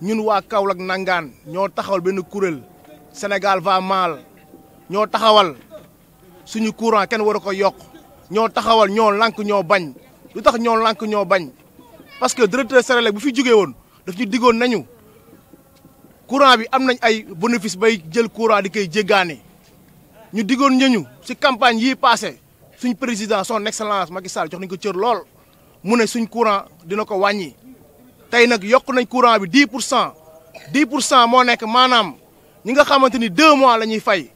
ñun wa Kaolack nangaan ñoo taxawal benn kurel senegal va mal ñoo taxawal suñu courant ken waru ko yok ñoo taxawal ñoo lank ñoo bañ lu tax ñoo lank ñoo bañ parce que directeur senegal bu fi jugé won daf ñu digon nañu courant bi am nañ ay bénéfice bay jël courant di kay jégané ñu digon ñëñu ci campagne yi passé suñu président son excellence Macky Sall jox nañ ko cër lool mu ne suñu courant dina ko wañi tey nag yokk nañ courant bi 10 pour cent 10 pour cent moo nekk maanaam ñi nga xamante ni 2 mois la ñuy fay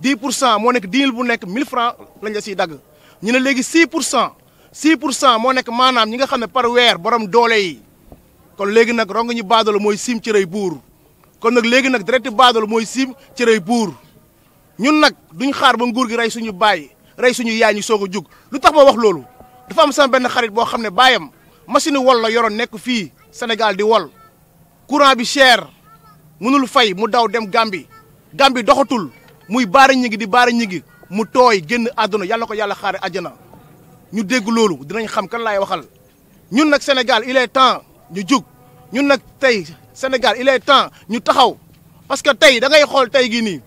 10 pour cent moo nekk diil bu nekk 1000 francs lañ la siy dagg ñu ne léegi 6 pour cent 6 pour cent moo nekk maanaam ñi nga xam ne par weer borom doole yi kon léegi nag rong ñu baadoolo mooy sim ci rëy buur kon nag léegi nag direct baadoolo mooy sim ci rëy buur ñun nag duñ xaar ba nguur gi rey suñu baay rey suñu yaay ñu soog a jug lu tax ma wax loolu dafa am sama benn xarit boo xam ne baayam machine wol la yoroon nekk fii Sénégal di wol courant bi cher mënul fay mu daw dem Gambie Gambie doxatul muy baara ñi ngi di baara ñi ngi mu toy genn aduna yalla ko yalla xaar àjjana ñu dégg loolu dinañ xam kan lay waxal ñun nag Sénégal il est temps ñu jug ñun nag tey Sénégal il est temps ñu taxaw parce que tey da ngay xool tey gi nii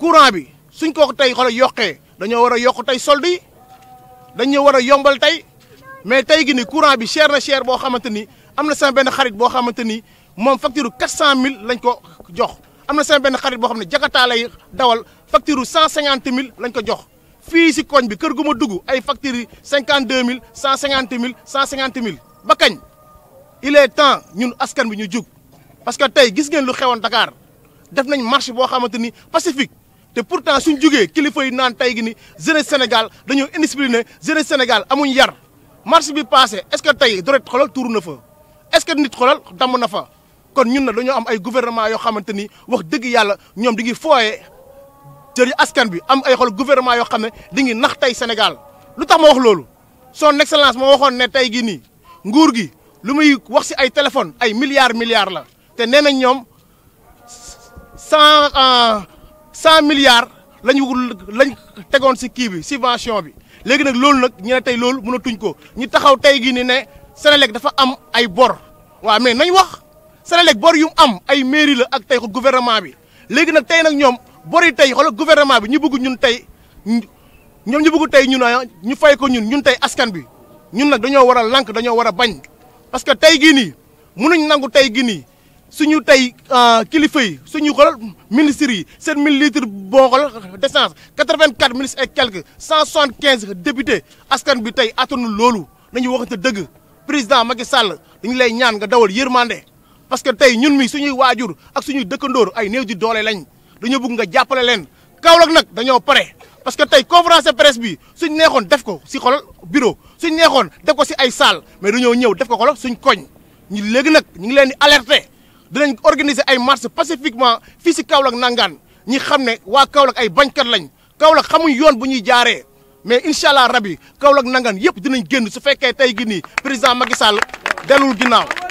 courant bi suñ ko tey xool yokkee dañoo war a yokk tey solde yi dañoo war a yombal tey mais tey gi ni courant bi cher na cher boo xamante amna sama ben xarit facture 400 000 lañ ko jox amna sama ben lay dawal facture 150 lañ ko jox bi ay factures 150.000$, il est temps ñun askan bi ñu jug parce que tay gis ngeen lu Dakar def nañ marche fait xamanteni pacifique te pourtant suñ jugee kilifa yi naan tay gi ni jeunesse Sénégal dañu indiscipliné jeunesse Sénégal amuñ yar marche bi passé est-ce que tay doret xolal est-ce que nit xoolal damm na fa kon ñun na dañoo am ay gouvernement yoo xamante ni wax dëgg yàlla ñoom di ngi fooyee jëri askan bi am ay xool gouvernement yoo xam ne di ngi nax tey Sénégal lu tax ma wax loolu son excellence moo waxoon ne tey gi nii nguur gi lu muy wax si ay téléphone ay milliards milliards la te nee nañ ñoom cent euh, cent milliards lañ lañ tegoon si kii bi subvention bi léegi nag loolu nag ñu tey loolu mënatuñ ko ñu taxaw tey gi ni ne Sénélec dafa am ay bor waa mais nañ wax Senelec bor yu am ay mairie la ak tey ko gouvernement bi léegi nag tey nag ñoom bor yi tey xoolal gouvernement bi ñu bëgg ñun tey ñoom ñu bëgg tey ñun ñu fay ko ñun ñun tey askan bi ñun nag dañoo war lank dañoo war a bañ parce que tey gii nii mënuñ nangu tey gii nii suñu tey euh, kilifa yi suñu xool ministres yi seen mille litres bon xool d'essence quatre-vingt-quatre ministres et quelques cent soixante-quinze députés askan bi tey attanu loolu nañu waxante dëgg président Macky Sall dañu lay ñaan nga dawal yërmande parce que tey ñun mii suñuy waajur ak suñuy dëkkandoor ay néew ji doole lañ dañoo bëgg nga jàppale leen Kaolack nag dañoo pare parce que tey conférence de bi suñ neexoon def ko si xolal bureau suñ neexoon def ko si ay salle mais dañoo ñëw def ko xolal suñ koñ ñu léegi nag ñu ngi leen di alerter dinañ organiser ay marche pacifiquement fii si Kaolack nangaan ñi xam ne waa Kaolack ay bañkat lañ Kaolack xamuñ yoon bu ñuy jaaree mais incha allah rabi Kaolack nangan yëpp dinañ génn su fekkee tey gi nii président Macky Sall delul ginnaaw